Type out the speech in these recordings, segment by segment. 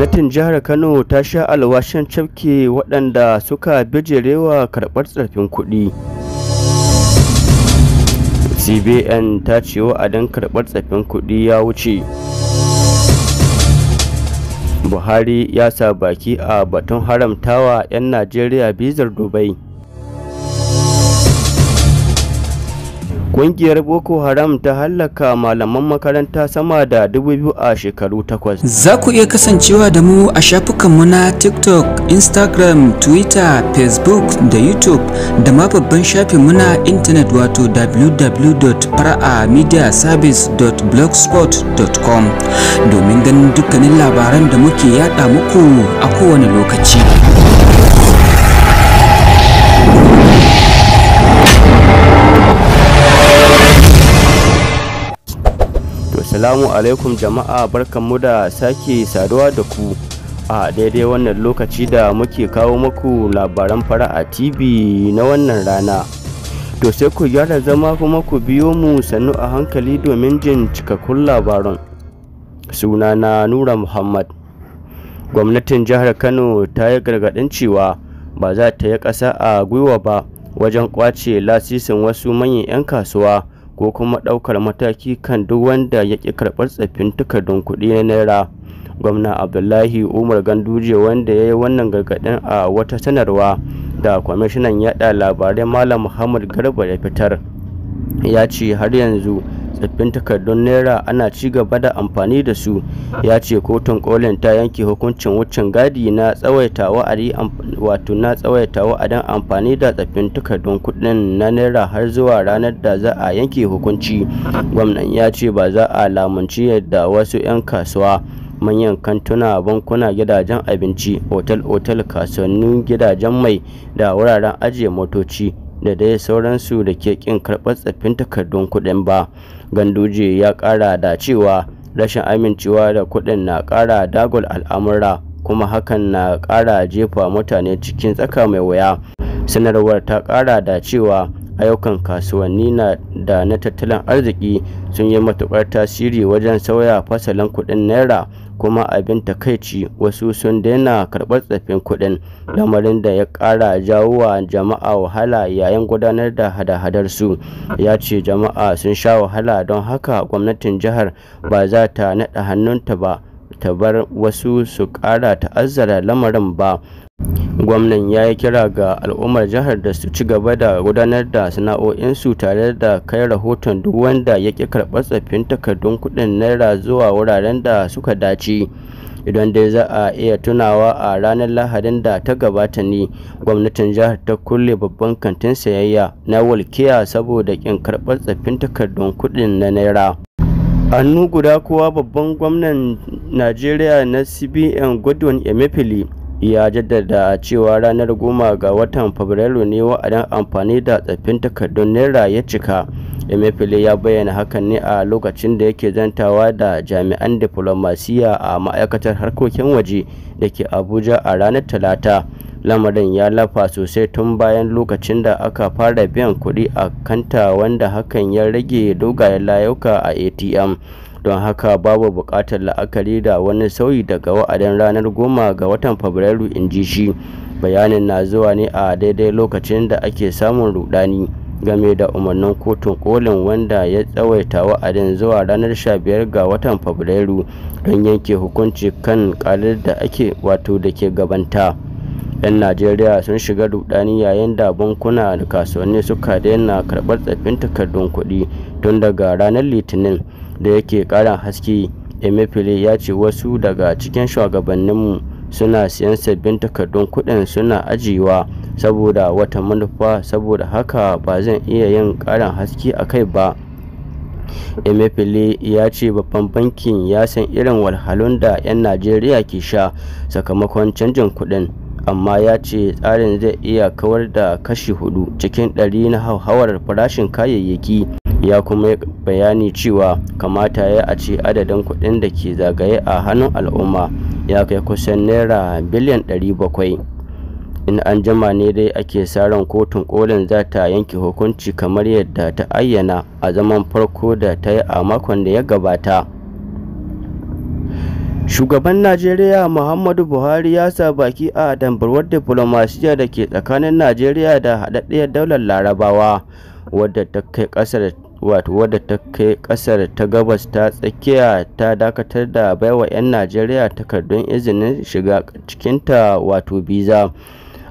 Gwamnatin jihar Kano ta sha alwashin cafke waɗanda suka bijirewa karɓar tsarfin kuɗi. CBN ta ce wa'adin karɓar tsafin kuɗi ya wuce. Buhari ya sa baki a batun haramtawa 'yan Najeriya bizar Dubai. Ƙungiyar Boko Haram ta hallaka malaman makaranta sama da dubu biyu a shekaru takwas. Za ku iya kasancewa da mu a shafukan shafukanmu na TikTok, Instagram, Twitter, Facebook da YouTube da ma babban shafinmu na intanet wato www.fara'amediaservice.blogspot.com domin ganin dukkanin labaran da muke yada muku a kowane lokaci. Assalamu alaikum jama'a barkanmu da sake saduwa da ku a daidai wannan lokaci da muke kawo muku labaran fara'a TV na wannan rana. To sai ku gyara zama kuma ku biyo mu sannu a hankali domin jin cikakkun labaran. Suna na Nura Muhammad. Gwamnatin jihar Kano ta yi gargaɗin cewa ba za ta yi ƙasa a gwiwa ba wajen ƙwace lasisin wasu manyan 'yan kasuwa. ko kuma ɗaukar mataki kan duk wanda ya ƙi karɓar tsaffin takardun kuɗi na naira gwamna abdullahi umar ganduje wanda ya yi wannan gargaɗin a wata sanarwa da kwamishinan yaɗa labarai malam muhammad garba ya fitar ya ce har yanzu tsaffin takardun naira ana ci gaba da amfani da su ya ce kotun kolin ta yanke hukuncin wucin gadi na tsawaita wa'adi wato na wa'adin amfani da tsaffin takardun kuɗin na naira har zuwa ranar da za a yanke hukunci gwamnan ya ce ba za a lamunci yadda wasu 'yan kasuwa manyan kantuna bankuna gidajen abinci otal-otal kasuwannin gidajen mai da wuraren ajiye motoci da dai sauransu da ke kin karɓar tsaffin takardun kuɗin ba ganduje ya ƙara da cewa rashin amincewa da kuɗin na ƙara dagul al'amura kuma hakan na ƙara jefa mutane cikin tsaka mai wuya sanarwar ta ƙara da cewa ayyukan kasuwanni na da na tattalin arziki sun yi matuƙar tasiri wajen sauya fasalin kuɗin naira kuma abin takaici wasu sun daina karɓar tsaffin kuɗin lamarin da ya ƙara jawo wa jama'a wahala yayin gudanar da hada-hadar su ya ce jama'a sun sha wahala don haka gwamnatin jihar ba za ta naɗa hannunta ba ta bar wasu su ƙara ta'azzara lamarin ba gwamnan ya yi kira ga al'ummar jihar da su ci gaba da gudanar da sana'o'insu tare da kai rahoton duk wanda ya ƙi karɓar tsaffin takardun kuɗin naira zuwa wuraren da suka dace idan dai za a iya tunawa a ranar lahadin da ta gabata ne gwamnatin jihar ta kulle babban kantin sayayya na walkiya saboda ƙin karɓar tsaffin takardun kuɗin na naira hannu guda kuwa babban gwamnan najeriya na cbn godwin emefiele ya jaddada cewa ranar goma ga watan fabrairu ne wa'adin amfani da tsaffin takardun naira ya cika emefiele ya bayyana hakan ne a lokacin da yake zantawa da jami'an diflomasiya a ma'aikatar harkokin waje da ke abuja a ranar talata lamarin ya lafa sosai tun bayan lokacin da aka fara biyan kuɗi a kanta wanda hakan ya rage dogayen layuka a atm don haka babu bukatar la'akari da wani sauyi daga wa'adin ranar goma ga watan fabrairu in ji shi bayanin na zuwa ne a daidai lokacin da ake samun rudani game da umarnin kotun kolin wanda ya tsawaita wa'adin zuwa ranar sha biyar ga watan fabrairu don yanke hukunci kan kalar da ake wato da ke gabanta 'yan najeriya sun shiga rudani yayin da bankuna da kasuwanni suka daina karɓar tsaffin takardun kuɗi tun daga ranar litinin da yake kara haske emefile ya ce wasu daga cikin shugabanninmu suna siyan sabbin takardun kuɗin suna ajiyewa saboda wata manufa saboda haka ba zan iya yin karin haske a kai ba emefile ya ce babban bankin ya san irin walhalun da 'yan najeriya ke sha sakamakon canjin kuɗin amma ya ce tsarin zai iya kawar da kashi hudu cikin ɗari na hauhawar farashin kayayyaki ya kuma bayani cewa kamata ya a ce adadin kuɗin da ke zagaye a hannun al'umma ya kai kusan naira biliyan 700 in an jima ne dai ake sa kotun kolin za ta yanke hukunci kamar yadda ta ayyana a zaman farko da ta yi a makon da ya gabata shugaban najeriya muhammadu buhari ya sa baki a dambarwar diflomasiyya da ke tsakanin najeriya da haɗaɗɗiyar daular larabawa wadda ta kai ƙasar wato wadda ta kai kasar ta gabas ta tsakiya ta dakatar da baiwa 'yan najeriya takardun izinin shiga cikinta wato biza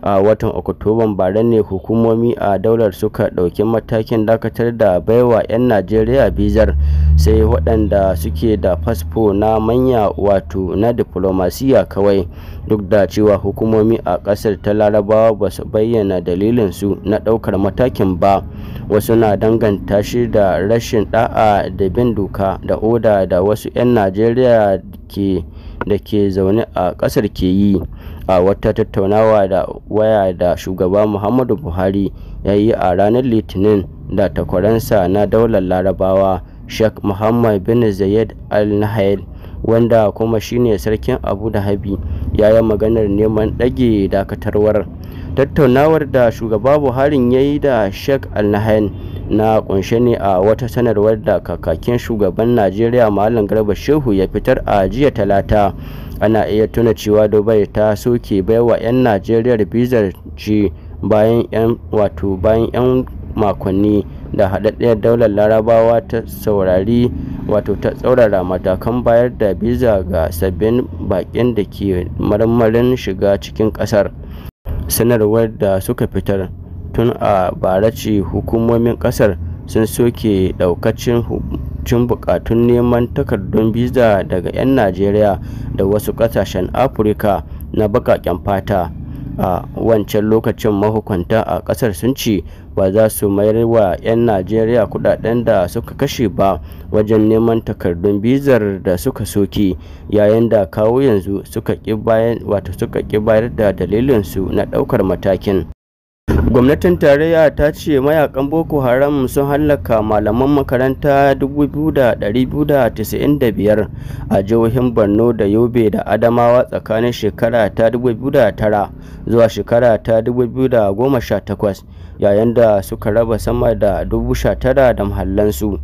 a watan oktoban bara ne hukumomi a daular suka ɗauki matakin dakatar da baiwa 'yan najeriya bizar sai waɗanda suke da fasfo na manya wato na diplomasiya kawai duk da cewa hukumomi a ƙasar ta larabawa ba su bayyana su na ɗaukar matakin ba wasu na danganta shi da rashin ɗa'a da bin doka da oda da wasu 'yan najeriya da ke zaune a ƙasar ke yi a wata tattaunawa da waya da shugaba muhammadu buhari ya yi a ranar litinin da takwaransa na daular larabawa sheikh muhammad bin zayed al nahyan wanda kuma shine sarkin abu da habi ya yi maganar neman ɗage dakatarwar tattaunawar da shugaba buhari ya yi da sheikh al nahyan na kunshe ne a wata sanarwar da kakakin shugaban najeriya malam garba shehu ya fitar a jiya talata ana iya tuna cewa dubai ta soke baiwa 'yan najeriya bizar ci bayan 'yan wato bayan 'yan makonni da haɗaɗɗiyar daular larabawa ta saurari wato ta tsaurara matakan bayar da biza ga sabbin baƙin da ke marmarin shiga cikin ƙasar sanarwar da suka fitar tun a bara ce hukumomin kasar sun soke daukacin bukatun neman takardun biza daga 'yan najeriya da wasu kasashen afirka na bakaken fata a wancan lokacin mahukunta a kasar sun ce ba za su mayar wa 'yan najeriya kudaden da suka kashe ba wajen neman takardun bizar da suka soke yayin da kawo yanzu suka ki bayar da dalilinsu na ɗaukar matakin gwamnatin tarayya ta ce mayakan boko haram sun hallaka malaman makaranta 2,295 a jihohin borno da yobe da adamawa tsakanin shekara ta 2009 zuwa shekara ta 2018 yayin da suka raba sama da 19,000 da mahallansu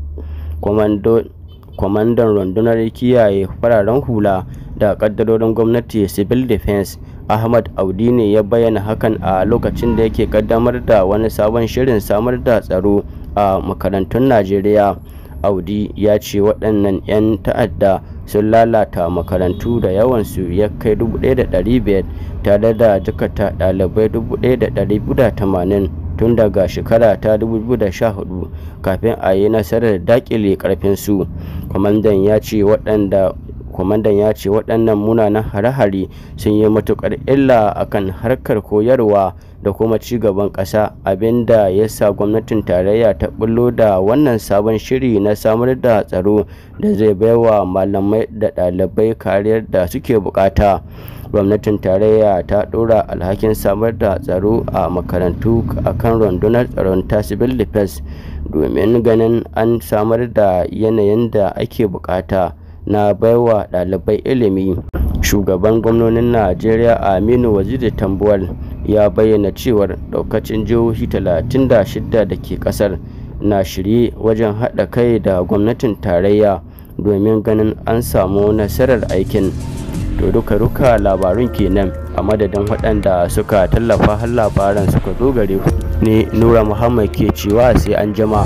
kwamandon kwamandan rundunar kiyaye fararen hula da kaddarorin gwamnati civil defense ahmad audi ne ya bayyana hakan a lokacin da yake kaddamar da wani sabon shirin samar da tsaro a makarantun najeriya audi ya ce waɗannan 'yan ta'adda sun lalata makarantu da yawansu ya kai 1,500 tare da jikata ɗalibai 1,180 tun daga shekara ta 2014 kafin a yi nasarar dakile karfin su kwamandan ya ce waɗanda kwamandan ya ce waɗannan munanan hare-hare sun yi matuƙar illa akan harkar koyarwa da kuma ci gaban ƙasa abinda ya sa gwamnatin tarayya ta bullo da wannan sabon shiri na samar da tsaro da zai baiwa malamai da ɗalibai kariyar da suke bukata gwamnatin tarayya ta ɗora alhakin samar da tsaro a makarantu akan rundunar tsaron ta civil domin ganin an samar da yanayin da ake bukata na baiwa ɗalibai ilimi shugaban gwamnonin najeriya aminu waziri tambuwal ya bayyana cewar daukacin jihohi 36 da ke kasar na shirye wajen haɗa kai da gwamnatin tarayya domin ganin an samu nasarar aikin to duka ruka labarun kenan a madadin waɗanda suka tallafa har labaran suka zo gare ne nura muhammad ke cewa sai an jama